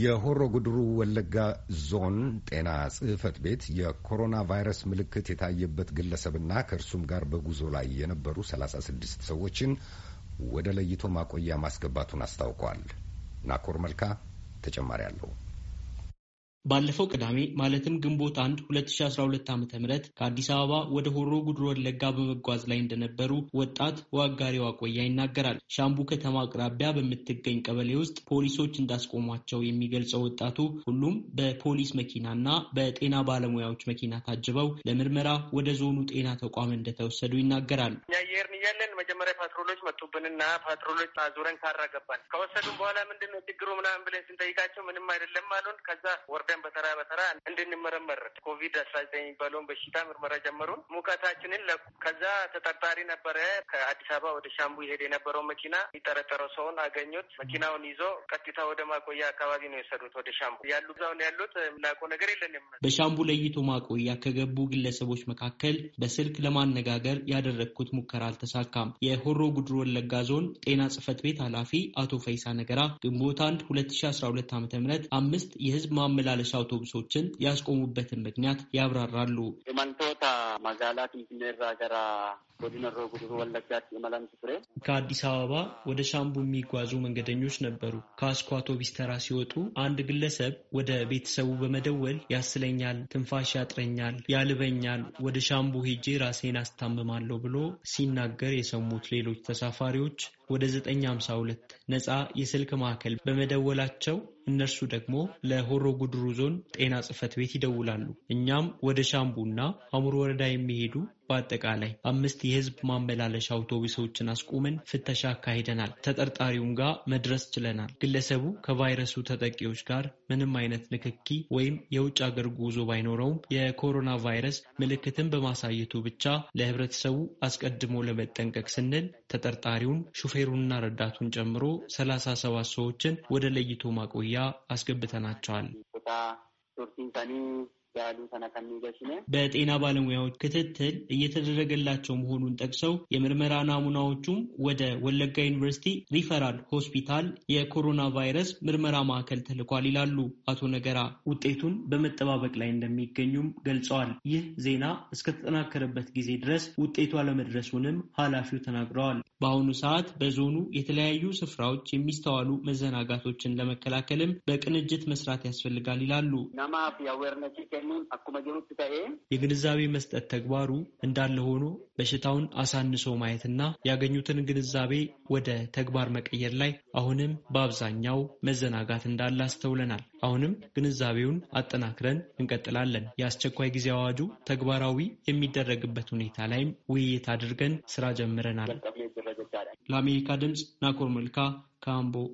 የሆሮ ጉድሩ ወለጋ ዞን ጤና ጽህፈት ቤት የኮሮና ቫይረስ ምልክት የታየበት ግለሰብና ከእርሱም ጋር በጉዞ ላይ የነበሩ 36 ሰዎችን ወደ ለይቶ ማቆያ ማስገባቱን አስታውቋል። ናኮር መልካ ተጨማሪ አለው። ባለፈው ቅዳሜ ማለትም ግንቦት አንድ 2012 ዓ ም ከአዲስ አበባ ወደ ሆሮ ጉድሮ ወለጋ በመጓዝ ላይ እንደነበሩ ወጣት ዋጋሪ ዋቆያ ይናገራል። ሻምቡ ከተማ አቅራቢያ በምትገኝ ቀበሌ ውስጥ ፖሊሶች እንዳስቆሟቸው የሚገልጸው ወጣቱ ሁሉም በፖሊስ መኪናና በጤና ባለሙያዎች መኪና ታጅበው ለምርመራ ወደ ዞኑ ጤና ተቋም እንደተወሰዱ ይናገራል። መጀመሪያ ፓትሮሎች መጡብንና ፓትሮሎች አዙረን ገባን ከወሰዱን በኋላ ምንድን ነው ችግሩ ምናምን ብለን ስንጠይቃቸው ምንም አይደለም አሉን። ከዛ ወርደን በተራ በተራ እንድንመረመር ኮቪድ አስራ ዘጠኝ የሚባለውን በሽታ ምርመራ ጀመሩን። ሙቀታችንን ለኩ። ከዛ ተጠርጣሪ ነበረ ከአዲስ አበባ ወደ ሻምቡ የሄደ የነበረው መኪና የሚጠረጠረው ሰውን አገኙት። መኪናውን ይዞ ቀጥታ ወደ ማቆያ አካባቢ ነው የሰዱት ወደ ሻምቡ ያሉ ዛውን ያሉት የምናውቀው ነገር የለንም። በሻምቡ ለይቶ ማቆያ ከገቡ ግለሰቦች መካከል በስልክ ለማነጋገር ያደረግኩት ሙከራ አልተሳካም። የሆሮ ጉድሮ ወለጋ ዞን ጤና ጽህፈት ቤት ኃላፊ አቶ ፈይሳ ነገራ ግንቦት 1 2012 ዓ ም አምስት የህዝብ ማመላለሻ አውቶቡሶችን ያስቆሙበትን ምክንያት ያብራራሉ። ከአዲስ አበባ ወደ ሻምቡ የሚጓዙ መንገደኞች ነበሩ። ከአስኮ አውቶቢስ ተራ ሲወጡ አንድ ግለሰብ ወደ ቤተሰቡ በመደወል ያስለኛል፣ ትንፋሽ ያጥረኛል፣ ያልበኛል፣ ወደ ሻምቡ ሄጄ ራሴን አስታምማለሁ ብሎ ሲናገር የሰሙ የታሙት ሌሎች ተሳፋሪዎች ወደ 952 ነፃ የስልክ ማዕከል በመደወላቸው እነርሱ ደግሞ ለሆሮ ጉድሩ ዞን ጤና ጽህፈት ቤት ይደውላሉ። እኛም ወደ ሻምቡና ሀሙር ወረዳ የሚሄዱ በአጠቃላይ አምስት የህዝብ ማመላለሻ አውቶቡሶችን አስቁመን ፍተሻ አካሂደናል። ተጠርጣሪውም ጋር መድረስ ችለናል። ግለሰቡ ከቫይረሱ ተጠቂዎች ጋር ምንም አይነት ንክኪ ወይም የውጭ አገር ጉዞ ባይኖረውም የኮሮና ቫይረስ ምልክትን በማሳየቱ ብቻ ለህብረተሰቡ አስቀድሞ ለመጠንቀቅ ስንል ተጠርጣሪውን ሹፌሩንና ረዳቱን ጨምሮ ሰላሳ ሰባት ሰዎችን ወደ ለይቶ ማቆያ አስገብተናቸዋል። በጤና ባለሙያዎች ክትትል እየተደረገላቸው መሆኑን ጠቅሰው የምርመራ ናሙናዎቹም ወደ ወለጋ ዩኒቨርሲቲ ሪፈራል ሆስፒታል የኮሮና ቫይረስ ምርመራ ማዕከል ተልኳል ይላሉ አቶ ነገራ። ውጤቱን በመጠባበቅ ላይ እንደሚገኙም ገልጸዋል። ይህ ዜና እስከተጠናከረበት ጊዜ ድረስ ውጤቱ አለመድረሱንም ኃላፊው ተናግረዋል። በአሁኑ ሰዓት በዞኑ የተለያዩ ስፍራዎች የሚስተዋሉ መዘናጋቶችን ለመከላከልም በቅንጅት መስራት ያስፈልጋል ይላሉ። የግንዛቤ መስጠት ተግባሩ እንዳለ ሆኖ በሽታውን አሳንሶ ማየትና ያገኙትን ግንዛቤ ወደ ተግባር መቀየር ላይ አሁንም በአብዛኛው መዘናጋት እንዳለ አስተውለናል። አሁንም ግንዛቤውን አጠናክረን እንቀጥላለን። የአስቸኳይ ጊዜ አዋጁ ተግባራዊ የሚደረግበት ሁኔታ ላይም ውይይት አድርገን ስራ ጀምረናል። ለአሜሪካ ድምፅ ናኮር መልካ ካምቦ